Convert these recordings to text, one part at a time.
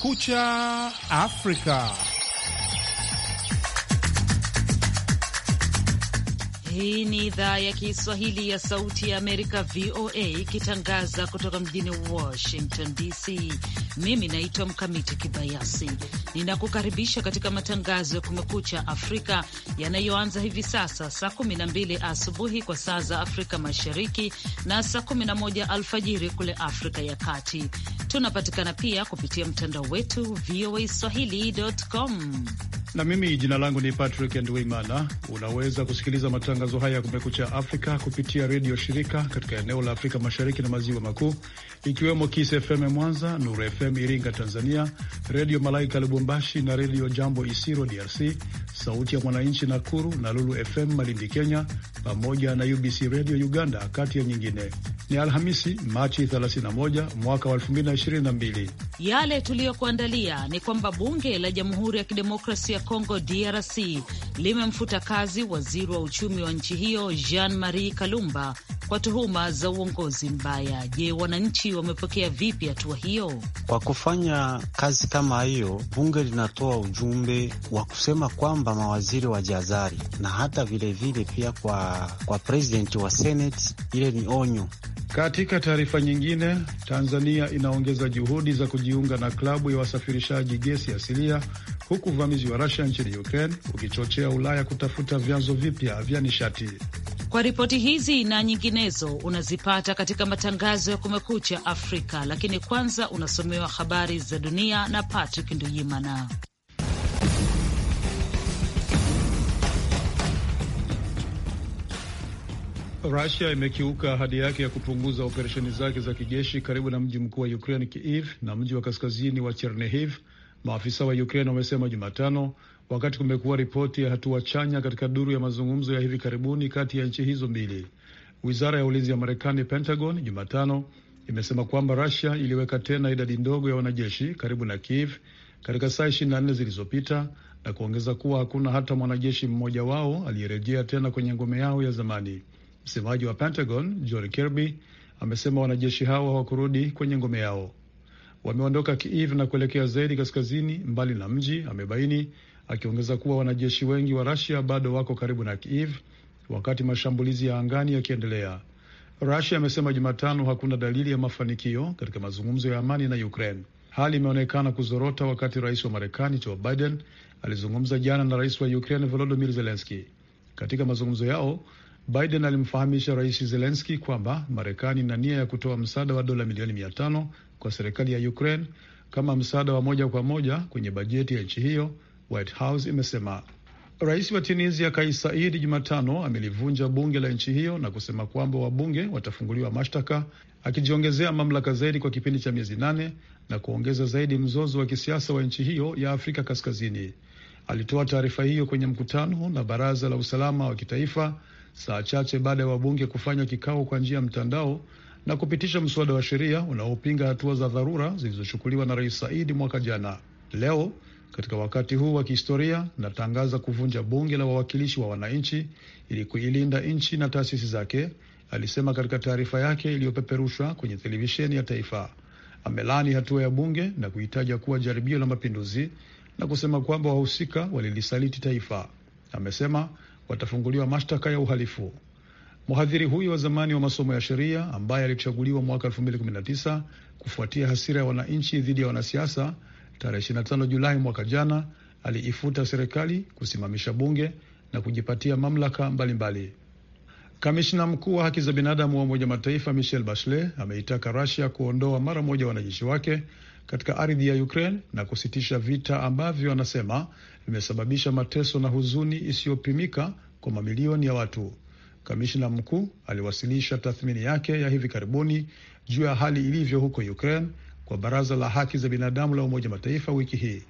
Escucha África. Hii ni idhaa ya Kiswahili ya Sauti ya Amerika, VOA, ikitangaza kutoka mjini Washington DC. Mimi naitwa Mkamiti Kibayasi, ninakukaribisha katika matangazo ya Kumekucha Afrika yanayoanza hivi sasa saa 12 asubuhi kwa saa za Afrika Mashariki na saa 11 alfajiri kule Afrika ya Kati. Tunapatikana pia kupitia mtandao wetu voa swahili.com na mimi jina langu ni Patrick Ndwimana. Unaweza kusikiliza matangazo haya ya Kumekucha Afrika kupitia redio shirika katika eneo la Afrika Mashariki na Maziwa Makuu, ikiwemo Kis FM Mwanza, Nuru FM Iringa Tanzania, Redio Malaika Lubumbashi na Redio Jambo Isiro DRC, Sauti ya Mwananchi Nakuru na Lulu FM Malindi Kenya, pamoja na UBC Redio Uganda, kati ya nyingine. Ni Alhamisi, Machi 31 mwaka wa 2022. Yale tuliyokuandalia ni kwamba bunge la Jamhuri ya Kidemokrasia ya Kongo DRC limemfuta kazi waziri wa uchumi wa nchi hiyo Jean Marie Kalumba kwa tuhuma za uongozi mbaya. Je, wananchi wamepokea vipi hatua hiyo? Kwa kufanya kazi kama hiyo, bunge linatoa ujumbe wa kusema kwamba mawaziri wa jazari na hata vilevile vile pia kwa, kwa presidenti wa seneti, ile ni onyo. Katika taarifa nyingine, Tanzania inaongeza juhudi za kujiunga na klabu ya wasafirishaji gesi asilia huku uvamizi wa rasia nchini Ukraine ukichochea Ulaya kutafuta vyanzo vipya vya nishati. Kwa ripoti hizi na nyinginezo unazipata katika matangazo ya Kumekucha Afrika, lakini kwanza unasomewa habari za dunia na Patrick Nduyimana. Rusia imekiuka ahadi yake ya kupunguza operesheni zake za kijeshi karibu na mji mkuu wa Ukraine Kiev na mji wa kaskazini wa Chernihiv, maafisa wa Ukraine wamesema Jumatano, wakati kumekuwa ripoti ya hatua chanya katika duru ya mazungumzo ya hivi karibuni kati ya nchi hizo mbili. Wizara ya ulinzi ya Marekani, Pentagon, Jumatano imesema kwamba Rusia iliweka tena idadi ndogo ya wanajeshi karibu na Kiev katika saa 24 zilizopita na kuongeza kuwa hakuna hata mwanajeshi mmoja wao aliyerejea tena kwenye ngome yao ya zamani. Msemaji wa Pentagon John Kirby amesema wanajeshi hao hawakurudi kwenye ngome yao, wameondoka Kiev na kuelekea zaidi kaskazini, mbali na mji, amebaini akiongeza kuwa wanajeshi wengi wa Rasia bado wako karibu na Kiev wakati mashambulizi ya angani yakiendelea. Rasia amesema Jumatano hakuna dalili ya mafanikio katika mazungumzo ya amani na Ukraine. Hali imeonekana kuzorota wakati rais wa Marekani Joe Biden alizungumza jana na rais wa Ukraine Volodymyr Zelenski. Katika mazungumzo yao, Biden alimfahamisha rais Zelenski kwamba Marekani ina nia ya kutoa msaada wa dola milioni mia tano kwa serikali ya Ukraine kama msaada wa moja kwa moja kwenye bajeti ya nchi hiyo White House imesema. Rais wa Tunisia Kais Saied Jumatano amelivunja bunge la nchi hiyo na kusema kwamba wabunge watafunguliwa mashtaka, akijiongezea mamlaka zaidi kwa kipindi cha miezi nane na kuongeza zaidi mzozo wa kisiasa wa nchi hiyo ya Afrika Kaskazini. Alitoa taarifa hiyo kwenye mkutano na Baraza la Usalama wa Kitaifa saa chache baada ya wabunge kufanya kikao kwa njia ya mtandao na kupitisha mswada wa sheria unaopinga hatua za dharura zilizochukuliwa na Rais Saidi mwaka jana. Leo katika wakati huu wa kihistoria, natangaza kuvunja bunge la wawakilishi wa wananchi ili kuilinda nchi na taasisi zake, alisema katika taarifa yake iliyopeperushwa kwenye televisheni ya taifa. Amelani hatua ya bunge na kuitaja kuwa jaribio la mapinduzi na kusema kwamba wahusika walilisaliti taifa. Amesema watafunguliwa mashtaka ya uhalifu. Mhadhiri huyo wa zamani wa masomo ya sheria ambaye alichaguliwa mwaka 2019 kufuatia hasira ya wananchi dhidi ya wanasiasa Tarehe 25 Julai mwaka jana aliifuta serikali, kusimamisha bunge na kujipatia mamlaka mbalimbali. Kamishna mkuu wa haki za binadamu wa Umoja Mataifa Michel Bachelet ameitaka Russia kuondoa mara moja wanajeshi wake katika ardhi ya Ukraine na kusitisha vita ambavyo anasema vimesababisha mateso na huzuni isiyopimika kwa mamilioni ya watu. Kamishna mkuu aliwasilisha tathmini yake ya hivi karibuni juu ya hali ilivyo huko Ukraine kwa Baraza la Haki za Binadamu la Umoja Mataifa wiki hii.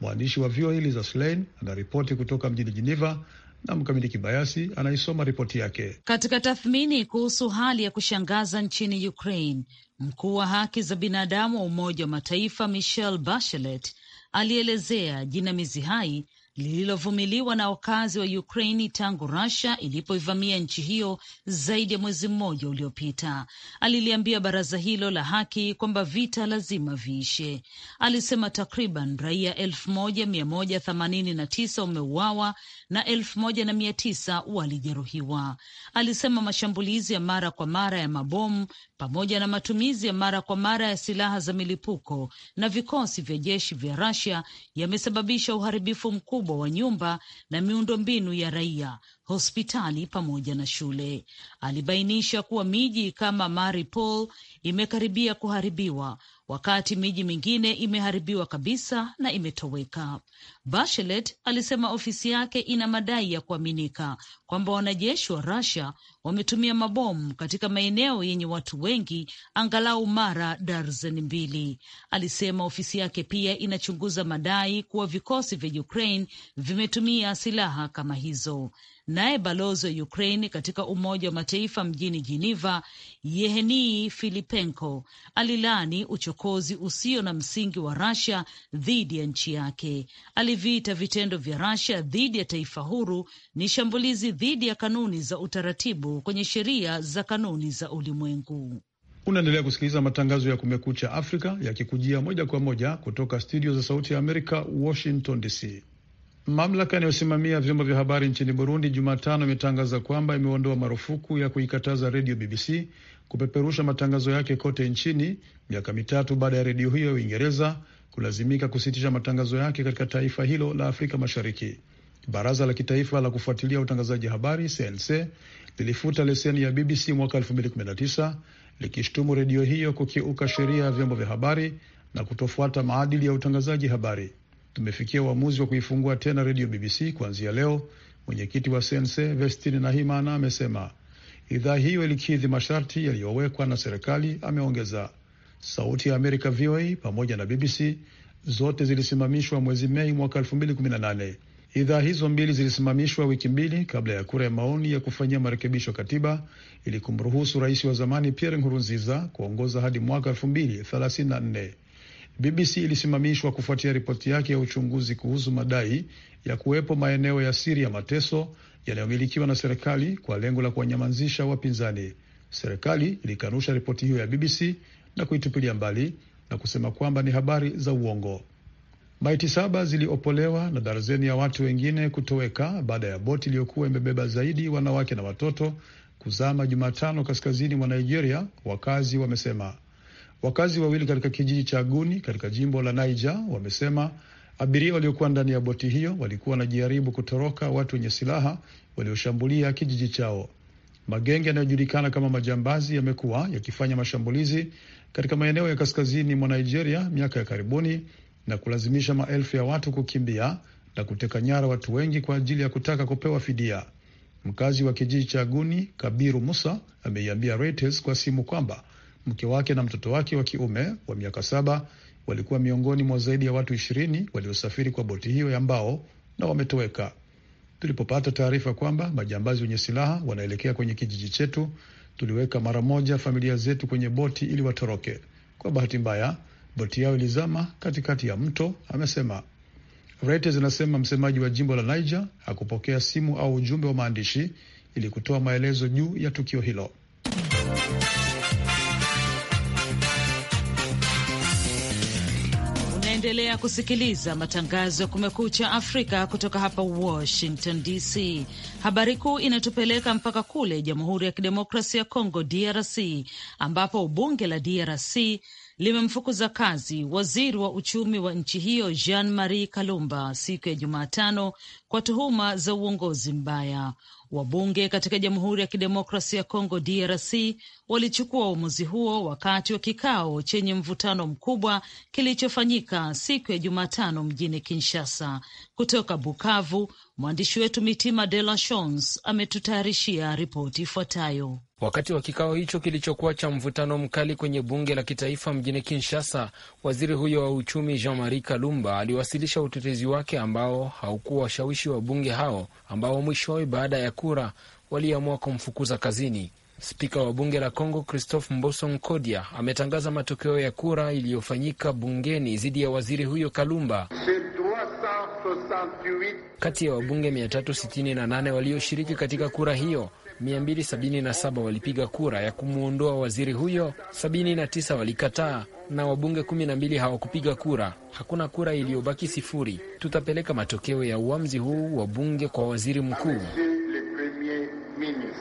Mwandishi wa VOA Liza Schlein anaripoti kutoka mjini Geneva na mkamidi Kibayasi anaisoma ripoti yake. Katika tathmini kuhusu hali ya kushangaza nchini Ukraine, mkuu wa haki za binadamu wa Umoja wa Mataifa Michelle Bachelet alielezea jinamizi hai lililovumiliwa na wakazi wa Ukraini tangu rasia ilipoivamia nchi hiyo zaidi ya mwezi mmoja uliopita. Aliliambia baraza hilo la haki kwamba vita lazima viishe. Alisema takriban raia elfu moja mia moja themanini na tisa wameuawa na elfu moja na mia tisa walijeruhiwa. Alisema mashambulizi ya mara kwa mara ya mabomu pamoja na matumizi ya mara kwa mara ya silaha za milipuko na vikosi vya jeshi vya Russia yamesababisha uharibifu mkubwa wa nyumba na miundombinu ya raia, hospitali pamoja na shule. Alibainisha kuwa miji kama Mariupol imekaribia kuharibiwa wakati miji mingine imeharibiwa kabisa na imetoweka. Bachelet alisema ofisi yake ina madai ya kuaminika kwamba wanajeshi wa Russia wametumia mabomu katika maeneo yenye watu wengi angalau mara darzeni mbili. Alisema ofisi yake pia inachunguza madai kuwa vikosi vya Ukraine vimetumia silaha kama hizo. Naye balozi wa Ukraine katika Umoja wa Mataifa mjini Geneva, Yeheni Filipenko, alilaani uchokozi usio na msingi wa Rasia dhidi ya nchi yake. Aliviita vitendo vya Rasia dhidi ya taifa huru ni shambulizi dhidi ya kanuni za utaratibu kwenye sheria za kanuni za ulimwengu. Unaendelea kusikiliza matangazo ya Kumekucha Afrika yakikujia moja kwa moja kutoka studio za Sauti ya Amerika, Washington DC. Mamlaka inayosimamia vyombo vya habari nchini Burundi Jumatano imetangaza kwamba imeondoa marufuku ya kuikataza redio BBC kupeperusha matangazo yake kote nchini, miaka mitatu baada ya redio hiyo ya Uingereza kulazimika kusitisha matangazo yake katika taifa hilo la Afrika Mashariki. Baraza la kitaifa la kufuatilia utangazaji habari CNC lilifuta leseni ya BBC mwaka 2019 likishtumu redio hiyo kukiuka sheria ya vyombo vya habari na kutofuata maadili ya utangazaji habari tumefikia uamuzi wa kuifungua tena redio BBC kuanzia leo, mwenyekiti wa CNC Vestine Nahimana amesema. Idhaa hiyo ilikidhi masharti yaliyowekwa na serikali, ameongeza. Sauti ya Amerika VOA pamoja na BBC zote zilisimamishwa mwezi Mei mwaka 2018. Idhaa hizo mbili zilisimamishwa wiki mbili kabla ya kura ya maoni ya kufanyia marekebisho katiba ili kumruhusu rais wa zamani Pierre Nkurunziza kuongoza hadi mwaka 2034. BBC ilisimamishwa kufuatia ripoti yake ya uchunguzi kuhusu madai ya kuwepo maeneo ya siri ya mateso yanayomilikiwa na serikali kwa lengo la kuwanyamazisha wapinzani. Serikali ilikanusha ripoti hiyo ya BBC na kuitupilia mbali na kusema kwamba ni habari za uongo. Maiti saba ziliopolewa na darzeni ya watu wengine kutoweka baada ya boti iliyokuwa imebeba zaidi wanawake na watoto kuzama Jumatano kaskazini mwa Nigeria, wakazi wamesema. Wakazi wawili katika kijiji cha Guni katika jimbo la Niger wamesema abiria waliokuwa ndani ya boti hiyo walikuwa wanajaribu kutoroka watu wenye silaha walioshambulia kijiji chao. Magenge yanayojulikana kama majambazi yamekuwa yakifanya mashambulizi katika maeneo ya kaskazini mwa Nigeria miaka ya karibuni na kulazimisha maelfu ya watu kukimbia na kuteka nyara watu wengi kwa ajili ya kutaka kupewa fidia. Mkazi wa kijiji cha Guni, Kabiru Musa, ameiambia Reuters kwa simu kwamba Mke wake na mtoto wake wa kiume wa miaka saba walikuwa miongoni mwa zaidi ya watu ishirini waliosafiri kwa boti hiyo ya mbao na wametoweka. Tulipopata taarifa kwamba majambazi wenye silaha wanaelekea kwenye kijiji chetu, tuliweka mara moja familia zetu kwenye boti ili watoroke. Kwa bahati mbaya, boti yao ilizama katikati ya mto, amesema. Reuters inasema msemaji wa jimbo la Niger hakupokea simu au ujumbe wa maandishi ili kutoa maelezo juu ya tukio hilo. Unaendelea kusikiliza matangazo ya Kumekucha Afrika kutoka hapa Washington DC. Habari kuu inatupeleka mpaka kule Jamhuri ya Kidemokrasia ya Kongo, DRC, ambapo bunge la DRC limemfukuza kazi waziri wa uchumi wa nchi hiyo Jean Marie Kalumba siku ya Jumatano kwa tuhuma za uongozi mbaya. Wabunge katika Jamhuri ya Kidemokrasia ya Kongo DRC walichukua uamuzi huo wakati wa kikao chenye mvutano mkubwa kilichofanyika siku ya Jumatano mjini Kinshasa. Kutoka Bukavu, Mwandishi wetu Mitima De La Shons ametutayarishia ripoti ifuatayo. Wakati wa kikao hicho kilichokuwa cha mvutano mkali kwenye bunge la kitaifa mjini Kinshasa, waziri huyo wa uchumi Jean Marie Kalumba aliwasilisha utetezi wake ambao haukuwa washawishi wa bunge hao ambao mwishowe baada ya kura waliamua kumfukuza kazini. Spika wa bunge la congo Christophe Mboso Nkodia ametangaza matokeo ya kura iliyofanyika bungeni dhidi ya waziri huyo Kalumba. Kati ya wabunge 368 walioshiriki katika kura hiyo 277 walipiga kura ya kumwondoa waziri huyo, 79 walikataa na wabunge 12 hawakupiga kura. Hakuna kura iliyobaki, sifuri. Tutapeleka matokeo ya uamuzi huu wa bunge kwa waziri mkuu.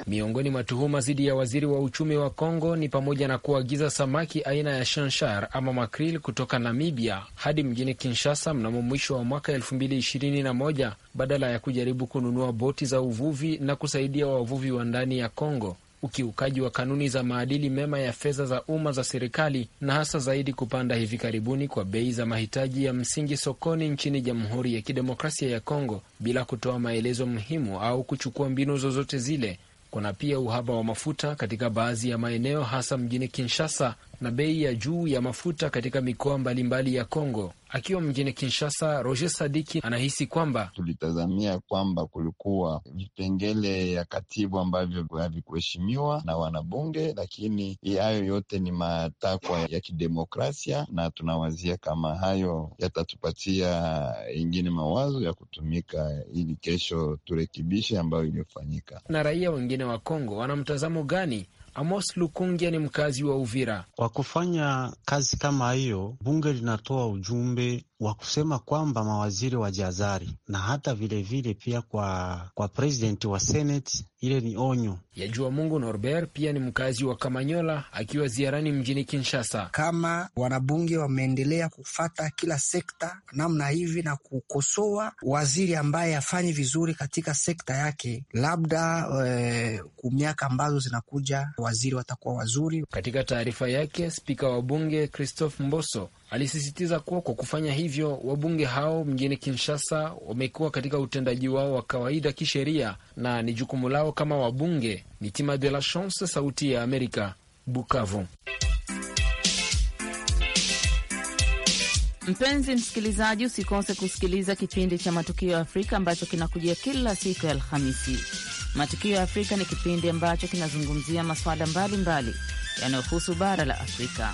Miongoni mwa tuhuma dhidi ya waziri wa uchumi wa Kongo ni pamoja na kuagiza samaki aina ya shanshar ama makril kutoka Namibia hadi mjini Kinshasa mnamo mwisho wa mwaka elfu mbili ishirini na moja badala ya kujaribu kununua boti za uvuvi na kusaidia wavuvi wa ndani ya Kongo ukiukaji wa kanuni za maadili mema ya fedha za umma za serikali na hasa zaidi kupanda hivi karibuni kwa bei za mahitaji ya msingi sokoni nchini Jamhuri ya Kidemokrasia ya Kongo bila kutoa maelezo muhimu au kuchukua mbinu zozote zile. Kuna pia uhaba wa mafuta katika baadhi ya maeneo hasa mjini Kinshasa na bei ya juu ya mafuta katika mikoa mbalimbali ya Kongo. Akiwa mjini Kinshasa, Roger Sadiki anahisi kwamba tulitazamia kwamba kulikuwa vipengele ya katibu ambavyo havikuheshimiwa na wanabunge, lakini hayo yote ni matakwa ya kidemokrasia, na tunawazia kama hayo yatatupatia ingine mawazo ya kutumika ili kesho turekebishe ambayo iliyofanyika. Na raia wengine wa Kongo wana mtazamo gani? Amos Lukungia ni mkazi wa Uvira. Kwa kufanya kazi kama hiyo, bunge linatoa ujumbe wa kusema kwamba mawaziri wa jazari na hata vilevile vile pia kwa kwa presidenti wa senet ile ni onyo. ya jua Mungu Norbert pia ni mkazi wa Kamanyola akiwa ziarani mjini Kinshasa. Kama wanabunge wameendelea kufata kila sekta namna hivi na kukosoa waziri ambaye hafanyi vizuri katika sekta yake, labda e, miaka ambazo zinakuja waziri watakuwa wazuri. Katika taarifa yake, spika wa bunge Christophe Mboso Alisisitiza kuwa kwa kufanya hivyo wabunge hao mjini Kinshasa wamekuwa katika utendaji wao wa kawaida kisheria na ni jukumu lao kama wabunge. Mitima de la Chance, Sauti ya Amerika, Bukavu. Mpenzi msikilizaji, usikose kusikiliza kipindi cha Matukio ya Afrika ambacho kinakujia kila siku ya Alhamisi. Matukio ya Afrika ni kipindi ambacho kinazungumzia masuala mbalimbali yanayohusu bara la Afrika.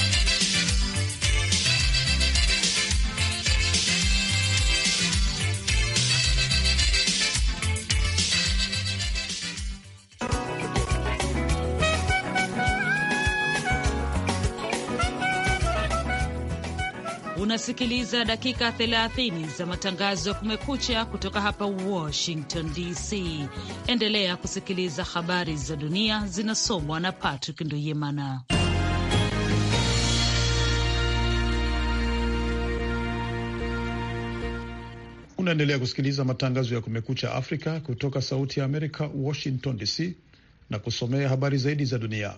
Unasikiliza dakika 30 za matangazo ya Kumekucha kutoka hapa Washington DC. Endelea kusikiliza habari za dunia zinasomwa na Patrick nduyimana Unaendelea kusikiliza matangazo ya Kumekucha Afrika kutoka Sauti ya Amerika, Washington DC, na kusomea habari zaidi za dunia.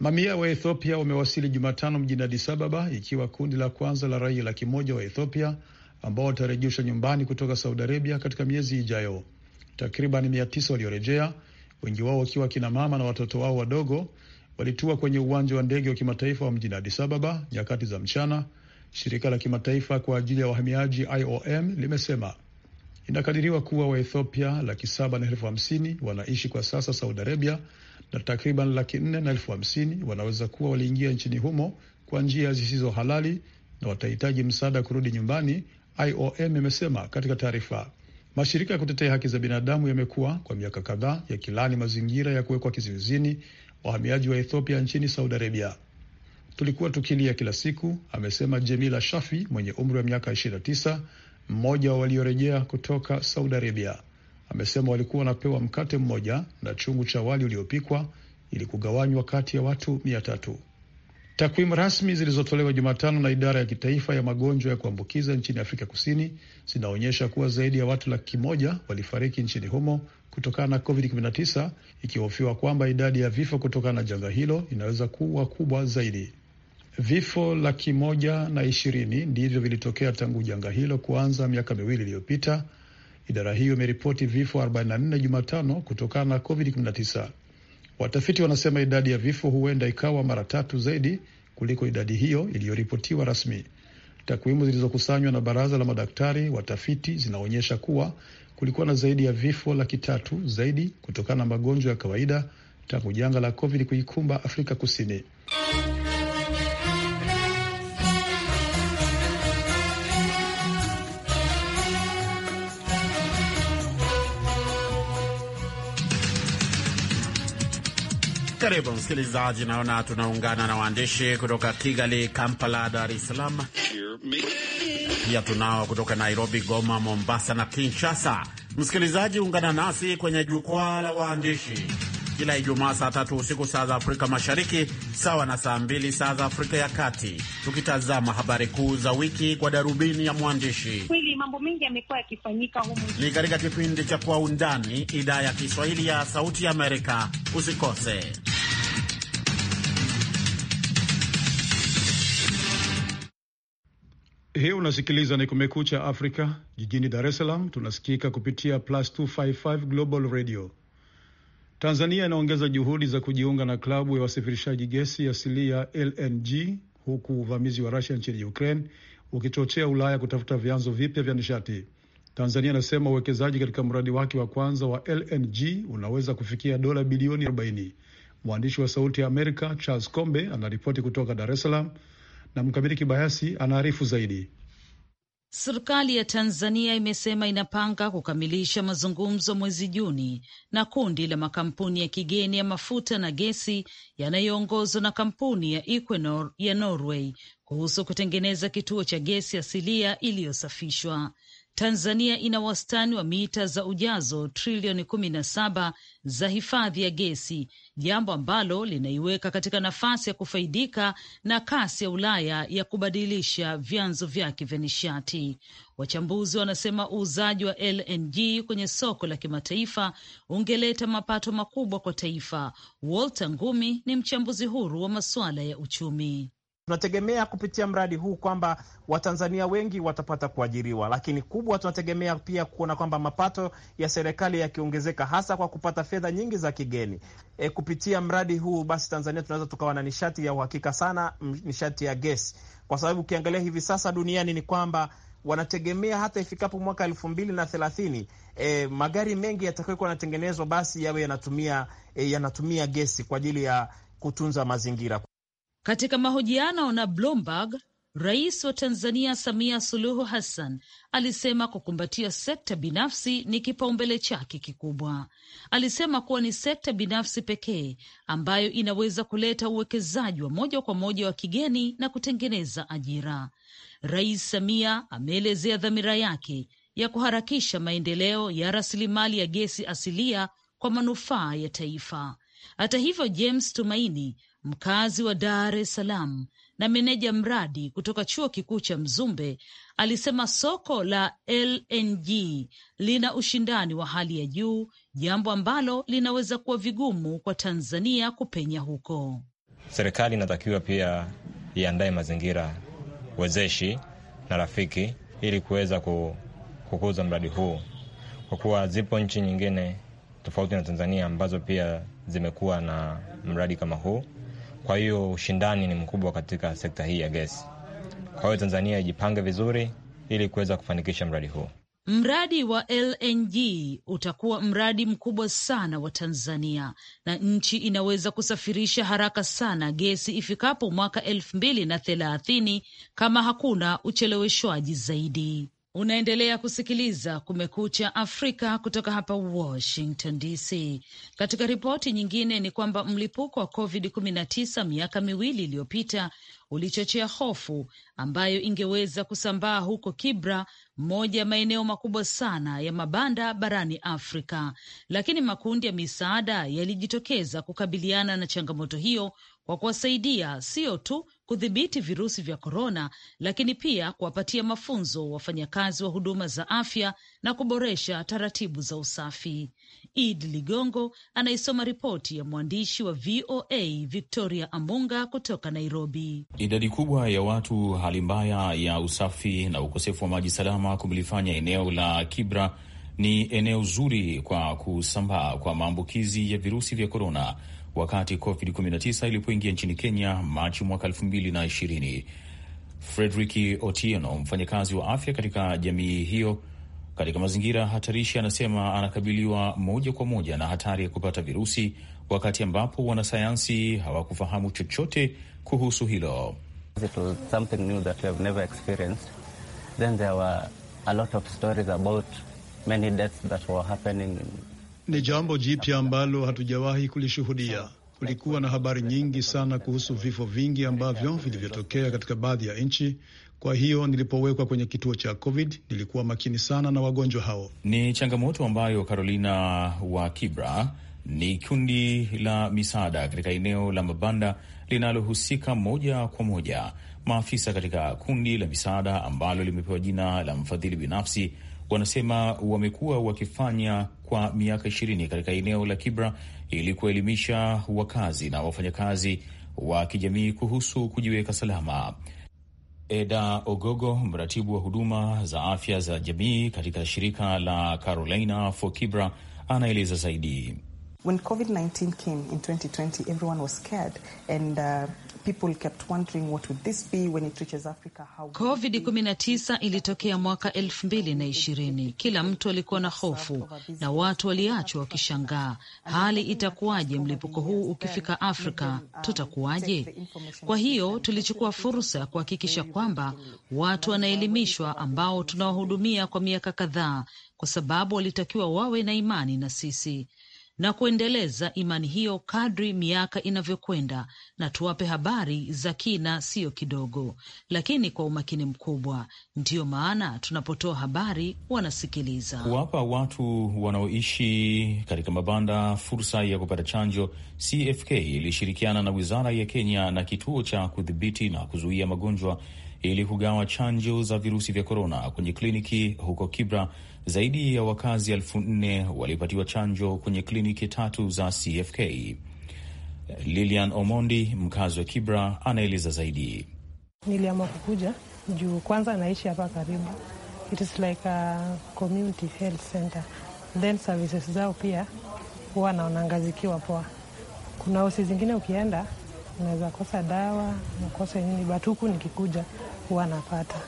Mamia wa Ethiopia wamewasili Jumatano mjini Addis Ababa, ikiwa kundi la kwanza la raia laki moja wa Ethiopia ambao watarejeshwa nyumbani kutoka Saudi Arabia katika miezi ijayo. Takriban mia tisa waliorejea, wengi wao wakiwa kina mama na watoto wao wadogo, walitua kwenye uwanja wa ndege wa kimataifa wa mjini Addis Ababa nyakati za mchana, shirika la kimataifa kwa ajili ya wahamiaji IOM limesema. Inakadiriwa kuwa Waethiopia laki saba na elfu hamsini wanaishi kwa sasa Saudi Arabia na takriban laki nne na elfu hamsini wanaweza kuwa waliingia nchini humo kwa njia zisizo halali na watahitaji msaada kurudi nyumbani, IOM imesema katika taarifa. Mashirika ya kutetea haki za binadamu yamekuwa kwa miaka kadhaa yakilani mazingira ya kuwekwa kizuizini wahamiaji wa Ethiopia nchini Saudi Arabia. Tulikuwa tukilia kila siku, amesema Jemila Shafi mwenye umri wa miaka 29 mmoja wa waliorejea kutoka Saudi Arabia amesema walikuwa wanapewa mkate mmoja na chungu cha wali uliopikwa ili kugawanywa kati ya watu mia tatu. Takwimu rasmi zilizotolewa Jumatano na idara ya kitaifa ya magonjwa ya kuambukiza nchini Afrika Kusini zinaonyesha kuwa zaidi ya watu laki moja walifariki nchini humo kutokana na COVID-19, ikihofiwa kwamba idadi ya vifo kutokana na janga hilo inaweza kuwa kubwa zaidi. Vifo laki moja na ishirini ndivyo vilitokea tangu janga hilo kuanza miaka miwili iliyopita. Idara hiyo imeripoti vifo 44 Jumatano kutokana na COVID-19. Watafiti wanasema idadi ya vifo huenda ikawa mara tatu zaidi kuliko idadi hiyo iliyoripotiwa rasmi. Takwimu zilizokusanywa na baraza la madaktari watafiti zinaonyesha kuwa kulikuwa na zaidi ya vifo laki tatu zaidi kutokana na magonjwa ya kawaida tangu janga la COVID kuikumba Afrika Kusini. Karibu msikilizaji, naona tunaungana na waandishi kutoka Kigali, Kampala, Dar es Salaam, pia tunao kutoka Nairobi, Goma, Mombasa na Kinshasa. Msikilizaji, ungana nasi kwenye jukwaa la waandishi kila Ijumaa saa tatu usiku saa za Afrika Mashariki, sawa na saa mbili saa za Afrika ya Kati, tukitazama habari kuu za wiki kwa darubini ya mwandishi. Kweli mambo mengi yamekuwa yakifanyika humu. Ni katika kipindi cha Kwa Undani, idhaa ya Kiswahili ya Sauti ya Amerika. Usikose. Hii unasikiliza ni Kumekucha Afrika. Jijini Dar es Salaam tunasikika kupitia Plus 255 Global Radio. Tanzania inaongeza juhudi za kujiunga na klabu ya wasafirishaji gesi asilia LNG, huku uvamizi wa Rusia nchini Ukraine ukichochea Ulaya kutafuta vyanzo vipya vya nishati. Tanzania inasema uwekezaji katika mradi wake wa kwanza wa LNG unaweza kufikia dola bilioni 40. Mwandishi wa Sauti ya Amerika Charles Kombe anaripoti kutoka Dar es Salaam na Mkabili Kibayasi anaarifu zaidi. Serikali ya Tanzania imesema inapanga kukamilisha mazungumzo mwezi Juni na kundi la makampuni ya kigeni ya mafuta na gesi yanayoongozwa na kampuni ya Equinor ya Norway kuhusu kutengeneza kituo cha gesi asilia iliyosafishwa. Tanzania ina wastani wa mita za ujazo trilioni kumi na saba za hifadhi ya gesi, jambo ambalo linaiweka katika nafasi ya kufaidika na kasi ya Ulaya ya kubadilisha vyanzo vyake vya nishati. Wachambuzi wanasema uuzaji wa LNG kwenye soko la kimataifa ungeleta mapato makubwa kwa taifa. Walter Ngumi ni mchambuzi huru wa masuala ya uchumi. Tunategemea kupitia mradi huu kwamba Watanzania wengi watapata kuajiriwa, lakini kubwa tunategemea pia kuona kwamba mapato ya serikali yakiongezeka, hasa kwa kupata fedha nyingi za kigeni. E, kupitia mradi huu basi Tanzania tunaweza tukawa na nishati ya uhakika sana, nishati ya gesi, kwa sababu ukiangalia hivi sasa duniani ni kwamba wanategemea hata ifikapo mwaka elfu mbili na thelathini e, magari mengi yatakayokuwa yanatengenezwa basi yawe yanatumia e, yanatumia gesi kwa ajili ya kutunza mazingira. Katika mahojiano na Bloomberg, Rais wa Tanzania Samia Suluhu Hassan alisema kukumbatia sekta binafsi ni kipaumbele chake kikubwa. Alisema kuwa ni sekta binafsi pekee ambayo inaweza kuleta uwekezaji wa moja kwa moja wa kigeni na kutengeneza ajira. Rais Samia ameelezea dhamira yake ya kuharakisha maendeleo ya rasilimali ya gesi asilia kwa manufaa ya taifa. Hata hivyo, James Tumaini mkazi wa Dar es Salaam na meneja mradi kutoka chuo kikuu cha Mzumbe alisema soko la LNG lina ushindani wa hali ya juu, jambo ambalo linaweza kuwa vigumu kwa Tanzania kupenya huko. Serikali inatakiwa pia iandae mazingira wezeshi na rafiki ili kuweza kukuza mradi huu, kwa kuwa zipo nchi nyingine tofauti na Tanzania ambazo pia zimekuwa na mradi kama huu. Kwa hiyo ushindani ni mkubwa katika sekta hii ya gesi. Kwa hiyo Tanzania ijipange vizuri ili kuweza kufanikisha mradi huu. Mradi wa LNG utakuwa mradi mkubwa sana wa Tanzania na nchi inaweza kusafirisha haraka sana gesi ifikapo mwaka elfu mbili na thelathini kama hakuna ucheleweshwaji zaidi. Unaendelea kusikiliza Kumekucha Afrika kutoka hapa Washington DC. Katika ripoti nyingine ni kwamba mlipuko wa COVID-19 miaka miwili iliyopita ulichochea hofu ambayo ingeweza kusambaa huko Kibra, moja ya maeneo makubwa sana ya mabanda barani Afrika, lakini makundi ya misaada yalijitokeza kukabiliana na changamoto hiyo kwa kuwasaidia sio tu kudhibiti virusi vya korona, lakini pia kuwapatia mafunzo wafanyakazi wa huduma za afya na kuboresha taratibu za usafi. Id Ligongo anaisoma ripoti ya mwandishi wa VOA Victoria Amunga kutoka Nairobi. Idadi kubwa ya watu, hali mbaya ya usafi na ukosefu wa maji salama kumelifanya eneo la Kibra ni eneo zuri kwa kusambaa kwa maambukizi ya virusi vya korona wakati COVID-19 ilipoingia nchini Kenya Machi mwaka 2020. Frederick Otieno, mfanyakazi wa afya katika jamii hiyo katika mazingira hatarishi, anasema anakabiliwa moja kwa moja na hatari ya kupata virusi, wakati ambapo wanasayansi hawakufahamu chochote kuhusu hilo. It many deaths that were happening in... ni jambo jipya ambalo hatujawahi kulishuhudia. Kulikuwa na habari nyingi sana kuhusu vifo vingi ambavyo vilivyotokea katika baadhi ya nchi. Kwa hiyo nilipowekwa kwenye kituo cha COVID nilikuwa makini sana na wagonjwa hao. Ni changamoto ambayo Carolina wa Kibra ni kundi la misaada katika eneo la mabanda linalohusika moja kwa moja maafisa katika kundi la misaada ambalo limepewa jina la mfadhili binafsi wanasema wamekuwa wakifanya kwa miaka ishirini katika eneo la Kibra ili kuelimisha wakazi na wafanyakazi wa kijamii kuhusu kujiweka salama. Eda Ogogo, mratibu wa huduma za afya za jamii katika shirika la Carolina for Kibra, anaeleza zaidi. When COVID-19 came in 2020, everyone was scared and uh, people kept wondering what would this be when it reaches Africa how COVID-19 ilitokea mwaka 2020. Kila mtu alikuwa na hofu na watu waliachwa wakishangaa, hali itakuwaje mlipuko huu ukifika Afrika, tutakuwaje? Kwa hiyo tulichukua fursa ya kuhakikisha kwamba watu wanaelimishwa ambao tunawahudumia kwa miaka kadhaa, kwa sababu walitakiwa wawe na imani na sisi na kuendeleza imani hiyo kadri miaka inavyokwenda, na tuwape habari za kina, siyo kidogo, lakini kwa umakini mkubwa. Ndiyo maana tunapotoa habari wanasikiliza, kuwapa watu wanaoishi katika mabanda fursa ya kupata chanjo. CFK ilishirikiana na wizara ya Kenya na kituo cha kudhibiti na kuzuia magonjwa ili kugawa chanjo za virusi vya korona kwenye kliniki huko Kibra. Zaidi ya wakazi elfu nne walipatiwa chanjo kwenye kliniki tatu za CFK. Lilian Omondi, mkazi wa Kibra, anaeleza zaidi. Niliamua kukuja juu kwanza anaishi hapa karibu, it is like a community health center, then services zao pia huwa naonangazikiwa poa. Kuna hosi zingine ukienda unaweza kosa dawa, nakosa nini, batuku nikikuja huwa anapata.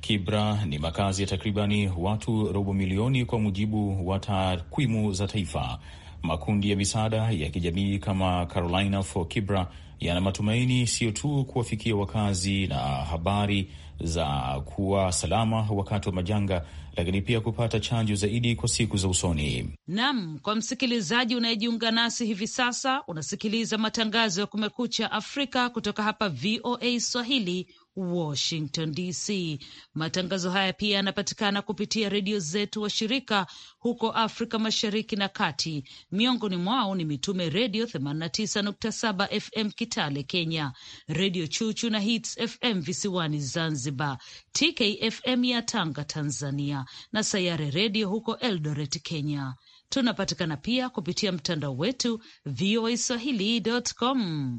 Kibra ni makazi ya takribani watu robo milioni kwa mujibu wa takwimu za taifa. Makundi ya misaada ya kijamii kama Carolina for Kibra yana matumaini sio tu kuwafikia wakazi na habari za kuwa salama wakati wa majanga, lakini pia kupata chanjo zaidi kwa siku za usoni. Naam, kwa msikilizaji unayejiunga nasi hivi sasa, unasikiliza matangazo ya Kumekucha Afrika kutoka hapa VOA Swahili, Washington DC. Matangazo haya pia yanapatikana kupitia redio zetu wa shirika huko Afrika Mashariki na Kati, miongoni mwao ni Mitume Redio 89.7 FM Kitale Kenya, Redio Chuchu na Hits FM visiwani Zanzibar, TKFM ya Tanga Tanzania, na Sayare Redio huko Eldoret Kenya. Tunapatikana pia kupitia mtandao wetu swahili.com.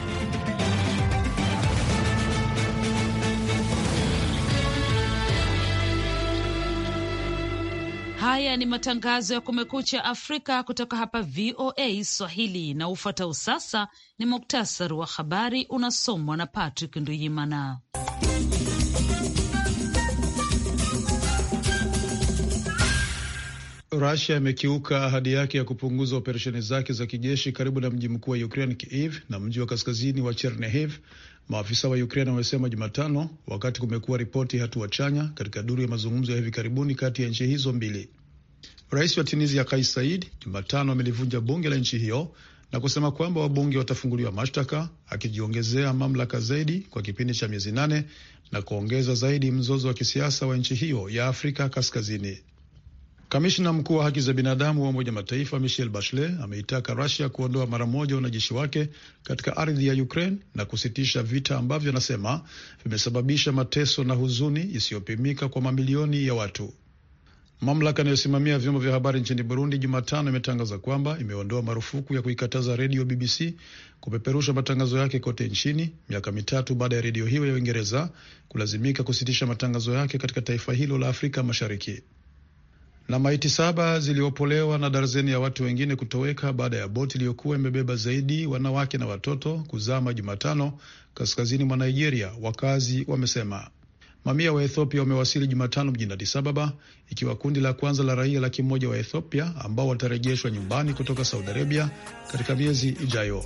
Haya ni matangazo ya Kumekucha Afrika kutoka hapa VOA Swahili, na ufuatao sasa ni muktasari wa habari unasomwa na Patrick Nduyimana. Rusia imekiuka ahadi yake ya kupunguza operesheni zake za kijeshi karibu na mji mkuu wa Ukraine Kiev na mji wa kaskazini wa Chernihiv, maafisa wa Ukraine wamesema Jumatano, wakati kumekuwa ripoti hatua chanya katika duru ya mazungumzo ya hivi karibuni kati ya nchi hizo mbili. Rais wa Tunisia Kais Said Jumatano amelivunja bunge la nchi hiyo na kusema kwamba wabunge watafunguliwa mashtaka, akijiongezea mamlaka zaidi kwa kipindi cha miezi nane na kuongeza zaidi mzozo wa kisiasa wa nchi hiyo ya Afrika Kaskazini. Kamishna mkuu wa haki za binadamu wa Umoja Mataifa michel Bachelet ameitaka rasia kuondoa mara moja wanajeshi wake katika ardhi ya Ukraine na kusitisha vita ambavyo anasema vimesababisha mateso na huzuni isiyopimika kwa mamilioni ya watu. Mamlaka inayosimamia vyombo vya habari nchini Burundi Jumatano imetangaza kwamba imeondoa marufuku ya kuikataza redio BBC kupeperusha matangazo yake kote nchini, miaka mitatu baada ya redio hiyo ya Uingereza kulazimika kusitisha matangazo yake katika taifa hilo la Afrika Mashariki. Na maiti saba ziliopolewa na darzeni ya watu wengine kutoweka baada ya boti iliyokuwa imebeba zaidi wanawake na watoto kuzama Jumatano kaskazini mwa Nigeria, wakazi wamesema. Mamia wa Ethiopia wamewasili Jumatano mjini Addis Ababa, ikiwa kundi la kwanza la raia laki moja wa Ethiopia ambao watarejeshwa nyumbani kutoka Saudi Arabia katika miezi ijayo.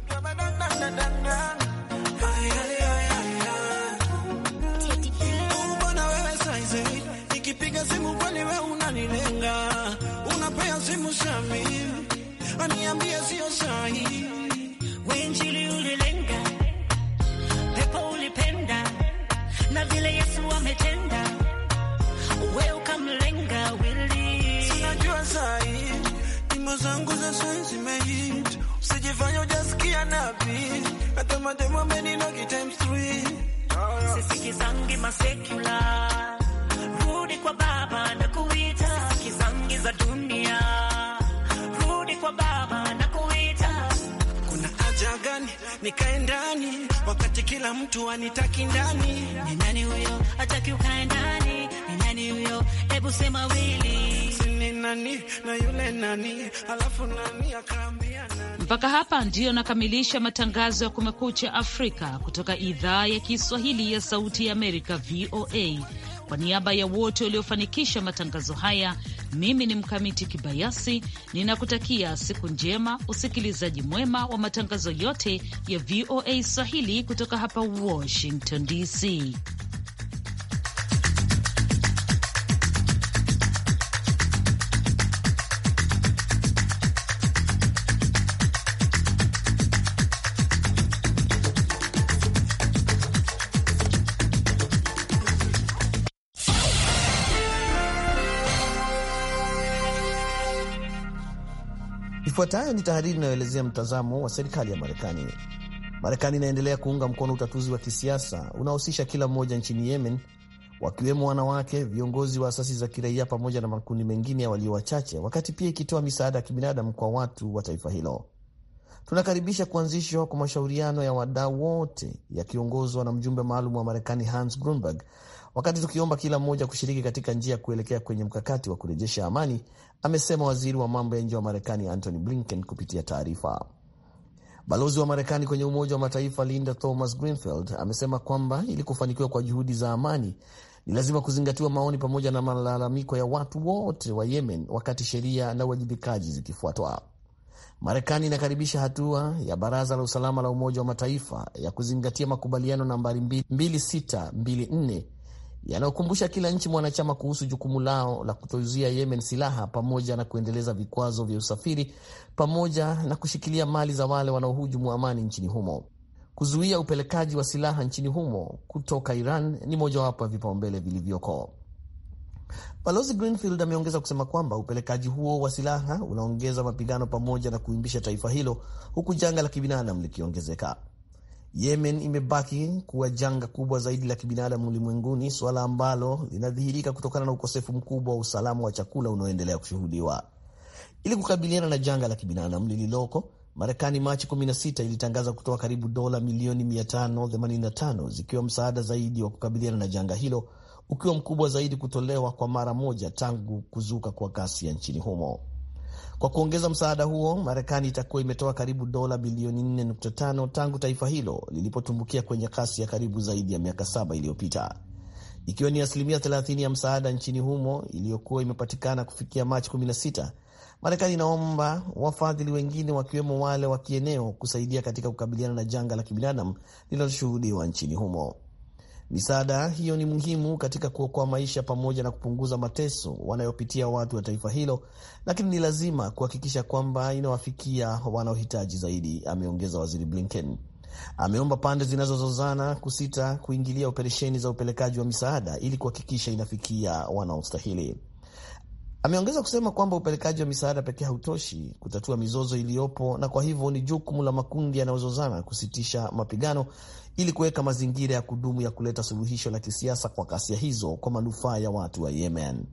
passion zimehit, usijifanya hata three. masekula, rudi kwa baba na kuita. za dunia, rudi kwa baba na kuita. Kuna haja gani nikae ndani wakati kila mtu anitaki ndani? Ni nani huyo hataki ukae ndani? Ni nani huyo? Hebu sema wili nani na yule nani, alafu nani akaambia nani. Mpaka hapa ndiyo nakamilisha matangazo ya Kumekucha Afrika kutoka idhaa ya Kiswahili ya Sauti ya Amerika, VOA. Kwa niaba ya wote waliofanikisha matangazo haya, mimi ni Mkamiti Kibayasi, ninakutakia siku njema, usikilizaji mwema wa matangazo yote ya VOA Swahili kutoka hapa Washington DC. Ifuatayo ni tahariri inayoelezea mtazamo wa serikali ya Marekani. Marekani inaendelea kuunga mkono utatuzi wa kisiasa unaohusisha kila mmoja nchini Yemen, wakiwemo wanawake, viongozi wa asasi za kiraia pamoja na makundi mengine ya walio wachache, wakati pia ikitoa misaada ya kibinadamu kwa watu wa taifa hilo. Tunakaribisha kuanzishwa kwa mashauriano ya wadau wote yakiongozwa na mjumbe maalum wa Marekani Hans Grunberg wakati tukiomba kila mmoja kushiriki katika njia kuelekea kwenye mkakati wa kurejesha amani, amesema waziri wa mambo ya nje wa Marekani Antony Blinken kupitia taarifa. Balozi wa Marekani kwenye Umoja wa Mataifa Linda Thomas Greenfield amesema kwamba ili kufanikiwa kwa juhudi za amani ni lazima kuzingatiwa maoni pamoja na malalamiko ya watu wote wa Yemen, wakati sheria na uwajibikaji zikifuatwa. Marekani inakaribisha hatua ya Baraza la Usalama la Umoja wa Mataifa ya kuzingatia makubaliano nambari 2624 yanayokumbusha kila nchi mwanachama kuhusu jukumu lao la kutouzia Yemen silaha pamoja na kuendeleza vikwazo vya usafiri pamoja na kushikilia mali za wale wanaohujumu amani nchini humo. Kuzuia upelekaji wa silaha nchini humo kutoka Iran ni mojawapo ya vipaumbele vilivyoko. Balozi Greenfield ameongeza kusema kwamba upelekaji huo wa silaha unaongeza mapigano pamoja na kuimbisha taifa hilo huku janga la kibinadamu likiongezeka. Yemen imebaki kuwa janga kubwa zaidi la kibinadamu ulimwenguni, suala ambalo linadhihirika kutokana na ukosefu mkubwa wa usalama wa chakula unaoendelea kushuhudiwa. Ili kukabiliana na janga la kibinadamu lililoko, Marekani Machi 16 ilitangaza kutoa karibu dola milioni 585 zikiwa msaada zaidi wa kukabiliana na janga hilo, ukiwa mkubwa zaidi kutolewa kwa mara moja tangu kuzuka kwa ghasia nchini humo. Kwa kuongeza msaada huo, Marekani itakuwa imetoa karibu dola bilioni 4.5 tangu taifa hilo lilipotumbukia kwenye kasi ya karibu zaidi ya miaka saba iliyopita, ikiwa ni asilimia 30 ya msaada nchini humo iliyokuwa imepatikana kufikia Machi 16. Marekani inaomba wafadhili wengine wakiwemo wale wa kieneo kusaidia katika kukabiliana na janga la kibinadamu linaloshuhudiwa nchini humo. Misaada hiyo ni muhimu katika kuokoa maisha pamoja na kupunguza mateso wanayopitia watu wa taifa hilo, lakini ni lazima kuhakikisha kwamba inawafikia wanaohitaji zaidi, ameongeza Waziri Blinken. Ameomba pande zinazozozana kusita kuingilia operesheni za upelekaji wa misaada ili kuhakikisha inafikia wanaostahili. Ameongeza kusema kwamba upelekaji wa misaada pekee hautoshi kutatua mizozo iliyopo, na kwa hivyo ni jukumu la makundi yanayozozana kusitisha mapigano ili kuweka mazingira ya kudumu ya kuleta suluhisho la kisiasa kwa ghasia hizo kwa manufaa ya watu wa Yemen.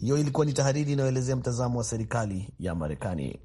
Hiyo ilikuwa ni tahariri inayoelezea mtazamo wa serikali ya Marekani.